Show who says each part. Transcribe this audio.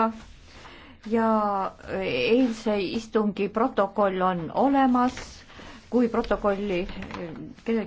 Speaker 1: ka ja eilse istungi protokoll on olemas, kui protokolli kellelgi eh,